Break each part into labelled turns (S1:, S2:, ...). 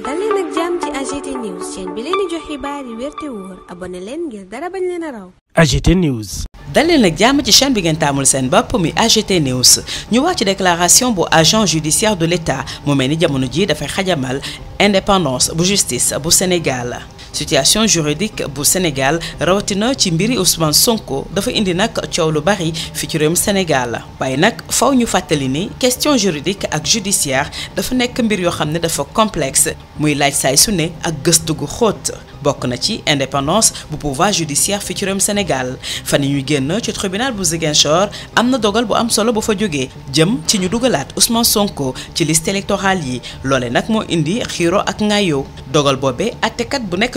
S1: dal leen ak jàmm ci AGT bi leen dara bañ leen a raw. AGT News. daleen jàmm ci chaîne bi ngeen taamul seen bopp mi AGT News ñu wax ci déclaration bu agent judiciaire de l' état mu mel ni jamono jii dafay xajamal indépendance bu justice bu Sénégal. situation juridique bu Sénégal rawatina ci mbiri Ousmane Sonko dafa indi nag coow lu bari fi ci réewum Sénégal waaye nag fow ñu fàttali ni question juridique ak judiciaire dafa nekk mbir yoo xam ne dafa complexe muy laaj saay su ne ak gëstu gu xóot bokk na ci indépendance bu pouvoir judiciaire fi ci réewum Sénégal fan yi ñuy génn ci tribunal bu Ziguinchor am na dogal bu am solo bu fa jógee jëm ci ñu dugalaat Ousmane Sonko ci liste électorale yi loole nag moo indi xiiro ak ngaayo dogal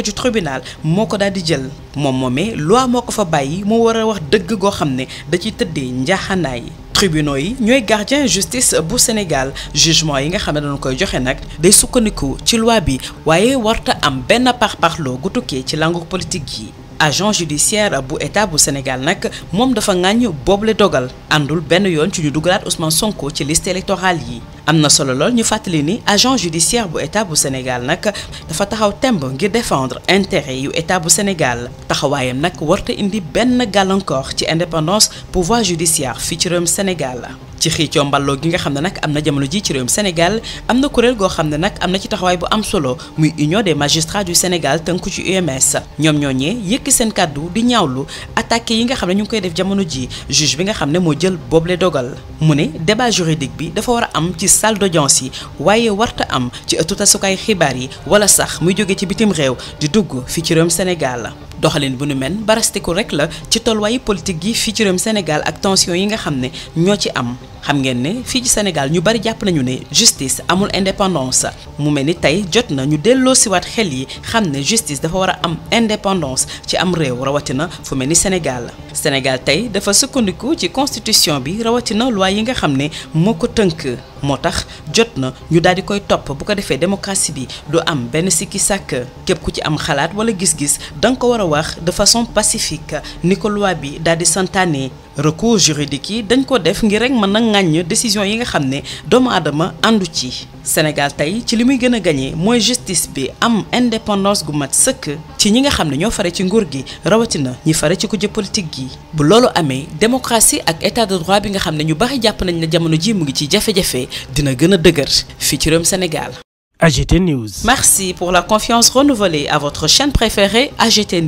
S1: ju ci tribunal moo ko daal di jël moom moomee loi moo ko fa bàyyi mu war a wax dëgg goo xam ne da ciy tëddee njaaxanaay tribunaux yi ñooy gardien justice bu Sénégal jugement yi nga xam ne dañu koy joxe nag day sukkandiku ci loi bi waaye warta am benn pax parparloo gu tukkee ci langue politique yi agent judiciaire bu état bu Sénégal nag moom dafa ŋàññ boobule dogal àndul benn yoon ci ñu dugalaat Ousmane Sonko ci liste électorale yi am na solo lool ñu fàttali ni agent judiciaire bu état bu Sénégal nag dafa taxaw temb ngir défendre intérêt yu état bu Sénégal taxawaayam nag warta indi benn gàllankoor ci indépendance pouvoir judiciaire fii ci réewum Sénégal. ci xiicoo mballoo gi nga xam ne nag am na jamono ji ci réewum Sénégal am na kuréel goo xam ne nag am na ci taxawaay bu am solo muy union de magistrats du Sénégal tënku ci UMS ñoom ñooñee yëkk seen kàddu di ñaawlu attaqué yi nga xam ne ñu ngi koy def jamono ji juge bi nga xam ne moo jël boobule dogal mu ne débat juridique bi dafa war a am ci saldo d'audience yi waaye warta am ci ëttu tasukaay xibaar yi wala sax muy jóge ci bitim réew di dugg fi ci réewum Sénégal doxalin bu nu men barastiku rek la ci tolluwaayu politique yi fi ci réewum Sénégal ak tension yi nga xam ne ñoo ci am xam ngeen ne fii ci Sénégal ñu bari jàpp nañu ne justice amul indépendance mu mel ni tey jot na ñu delloo siwaat xel yi xam ne justice dafa war a am indépendance ci am réew rawatina fu mel ni Sénégal Sénégal tey dafa sukkandiku ci constitution bi rawatina loi yi nga xam ne moo ko tënk moo tax jot na ñu daal di koy topp bu ko defee démocratie bi du am benn sikki sàkk képp ku ci am xalaat wala gis-gis da nga ko war a wax de façon pacifique ni ko loi bi daal di santaane recours juridique yi dañ ko def ngir rek mën a ŋàññ décision yi nga xam ne doomu aadama àndu ci Sénégal tey ci li muy gën a gañe mooy justice bi am indépendance gu mat sëkk ci ñi nga xam ne ñoo fare ci nguur gi rawatina ñi fare ci kujje politique gi bu loolu amee démocratie ak état de bi nga xam ne ñu bari jàpp nañ ne jamono ji mu ngi ci jafe-jafe dina gën a dëgër fii ci réewum Sénégal AGT News. Merci pour la confiance renouvelée à votre chaîne préférée AGT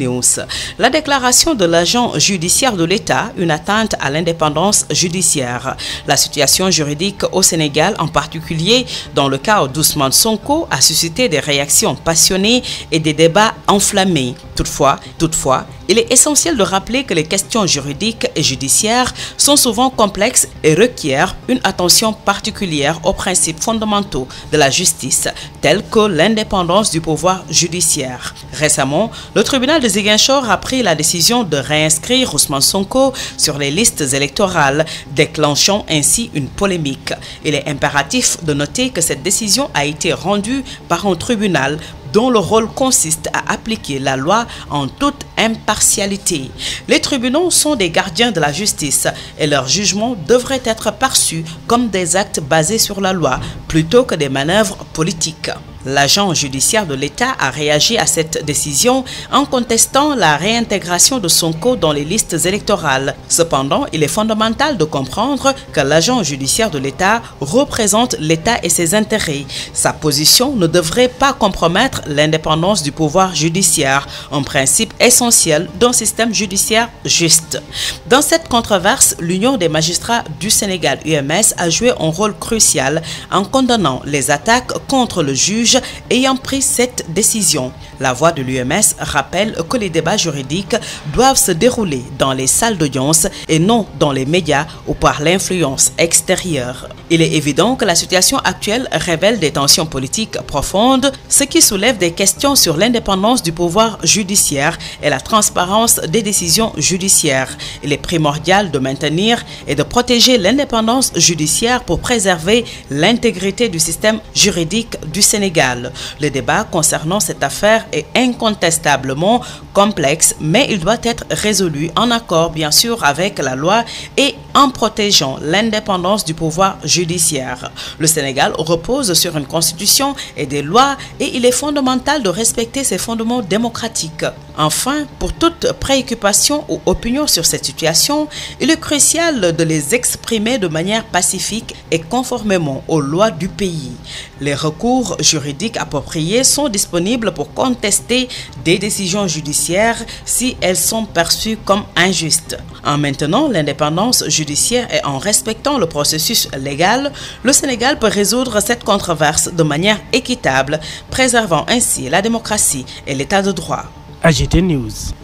S1: La déclaration de l'agent judiciaire de l'État, une atteinte à l'indépendance judiciaire. La situation juridique au Sénégal, en particulier dans le cas d'Ousmane Sonko, a suscité des réactions passionnées et des débats enflammés. Toutefois, toutefois, Il est essentiel de rappeler que les questions juridiques et judiciaires sont souvent complexes et requièrent une attention particulière aux principes fondamentaux de la justice, tels que l'indépendance du pouvoir judiciaire. Récemment, le tribunal de Ziguinchor a pris la décision de réinscrire Ousmane Sonko sur les listes électorales, déclenchant ainsi une polémique. Il est impératif de noter que cette décision a été rendue par un tribunal dont le rôle consiste à appliquer la loi en toute impartialité. Les tribunaux sont des gardiens de la justice et leurs jugements devraient être perçus comme des actes basés sur la loi plutôt que des manœuvres politiques. L'agent judiciaire de l'État a réagi à cette décision en contestant la réintégration de Sonko dans les listes électorales. Cependant, il est fondamental de comprendre que l'agent judiciaire de l'État représente l'État et ses intérêts. Sa position ne devrait pas compromettre l'indépendance du pouvoir judiciaire, un principe essentiel d'un système judiciaire juste. Dans cette controverse, l'Union des magistrats du Sénégal UMS a joué un rôle crucial en condamnant les attaques contre le juge juge ayant pris cette décision La voix de l'UMS rappelle que les débats juridiques doivent se dérouler dans les salles d'audience et non dans les médias ou par l'influence extérieure. Il est évident que la situation actuelle révèle des tensions politiques profondes, ce qui soulève des questions sur l'indépendance du pouvoir judiciaire et la transparence des décisions judiciaires. Il est primordial de maintenir et de protéger l'indépendance judiciaire pour préserver l'intégrité du système juridique du Sénégal. Le débat concernant cette affaire matière est incontestablement complexe, mais il doit être résolu en accord bien sûr avec la loi et en protégeant l'indépendance du pouvoir judiciaire. Le Sénégal repose sur une constitution et des lois et il est fondamental de respecter ces fondements démocratiques. Enfin, pour toute préoccupation ou opinion sur cette situation, il est crucial de les exprimer de manière pacifique et conformément aux lois du pays. Les recours juridiques appropriés sont disponibles contester des décisions judiciaires si elles sont perçues comme injustes. En maintenant l'indépendance judiciaire et en respectant le processus légal, le Sénégal peut résoudre cette controverse de manière équitable, préservant ainsi la démocratie et l'état de droit. AGT News.